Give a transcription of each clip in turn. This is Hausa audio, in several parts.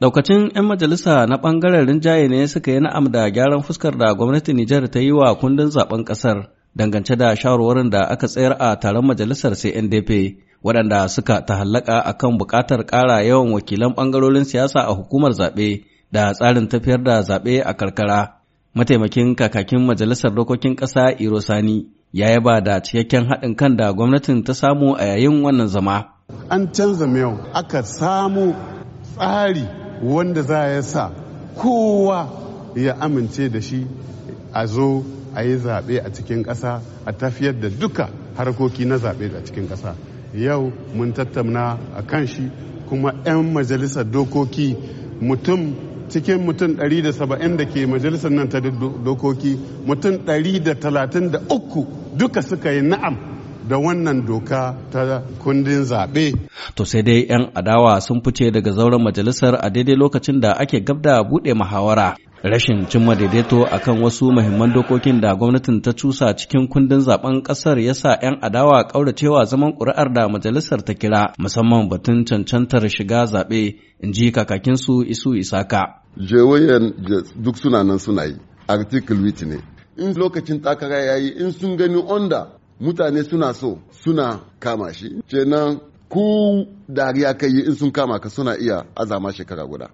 Daukacin 'yan majalisa na ɓangaren rinjaye ne suka yi na'am da gyaran fuskar da gwamnati Nijar ta yi wa kundin zaben ƙasar dangance da shawarwarin da aka tsayar a taron majalisar CNDP waɗanda suka tahallaka a kan buƙatar ƙara yawan wakilan ɓangarorin siyasa a hukumar zaɓe da tsarin tafiyar da zaɓe a karkara. Mataimakin kakakin majalisar dokokin ƙasa Iro Sani ya yaba da cikakken haɗin kan da gwamnatin ta samu a yayin wannan zama. An canza miyau aka samu tsari wanda za ya sa kowa ya amince da shi a zo a yi zaɓe a cikin ƙasa a tafiyar da duka harkoki na zaɓe a cikin ƙasa yau mun tattauna a kan shi kuma 'yan majalisar dokoki mutum cikin mutum 170 da ke majalisar nan ta dokoki mutum 133 duka suka yi na'am da wannan doka ta kundin zaɓe. To sai dai 'yan adawa sun fice daga zauren majalisar a daidai lokacin da ake gabda buɗe muhawara. Rashin cimma daidaito a kan wasu mahimman dokokin da gwamnatin ta cusa cikin kundin zaben kasar ya sa 'yan adawa ƙauracewa zaman ƙuri'ar da majalisar ta kira musamman batun cancantar shiga zaɓe in ji kakakinsu isu isaka. Jewayen duk suna nan suna yi, article ne. In lokacin takara ya yi in sun gani onda mutane suna so suna kama shi kenan ku dariya kai in sun kama ka suna iya azama shekara guda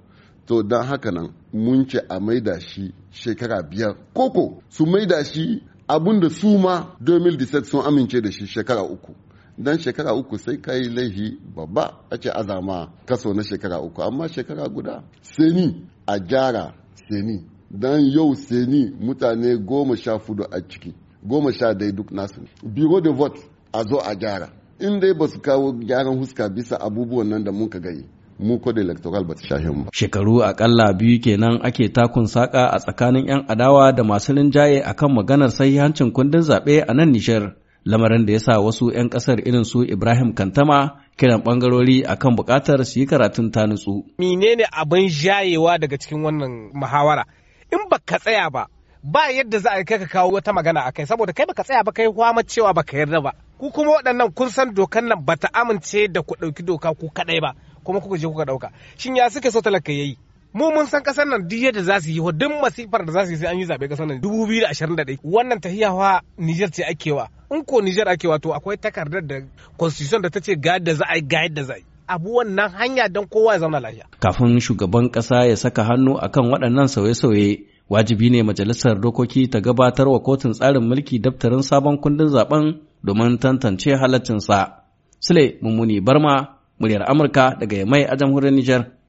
to don haka nan mun ce a maida shi shekara biyar koko su maida shi abin da su ma 2017 sun amince da shi shekara uku dan shekara uku sai ka yi laihi babba a ce azama kaso na shekara uku amma shekara guda seni a jara seni dan yau seni mutane goma sha fudu a ciki goma sha dai duk nasu biro de vote a zo a gyara in dai ba su kawo gyaran huska bisa abubuwan nan da muka gani mu ko da electoral ba ta shahe mu ba. Shekaru akalla biyu kenan ake takun saka a tsakanin 'yan adawa da masu rinjaye kan maganar sahihancin kundin zaɓe a nan nishar Lamarin da ya sa wasu 'yan ƙasar irin su Ibrahim Kantama kiran ɓangarori akan buƙatar su yi karatun ta nutsu. Menene abin jayewa daga cikin wannan muhawara? In ba ka tsaya ba, ba yadda za a kai ka kawo wata magana a kai saboda kai baka tsaya ba kai kwama cewa baka yarda ba ku kuma waɗannan kun san dokan nan bata amince da ku ɗauki doka ku kaɗai ba kuma kuka je kuka ɗauka shin ya suke so talaka yayi mu mun san kasar nan duk yadda za su yi duk masifar da za su yi sai an yi zaɓe kasar nan dubu biyu da da ashirin ɗaya wannan tahiya wa Niger ce ake wa in ko Niger ake wa to akwai takardar da constitution da ta ce ga yadda za a yi ga yadda za a yi abu wannan hanya don kowa ya zauna lafiya kafin shugaban kasa ya saka hannu akan waɗannan sauye-sauye wajibi ne majalisar dokoki ta gabatar wa kotun tsarin mulki daftarin sabon kundin zaben domin tantance halaccinsa. Sule Mummuni Barma, muryar Amurka daga Yamai a jamhuriyar Nijar.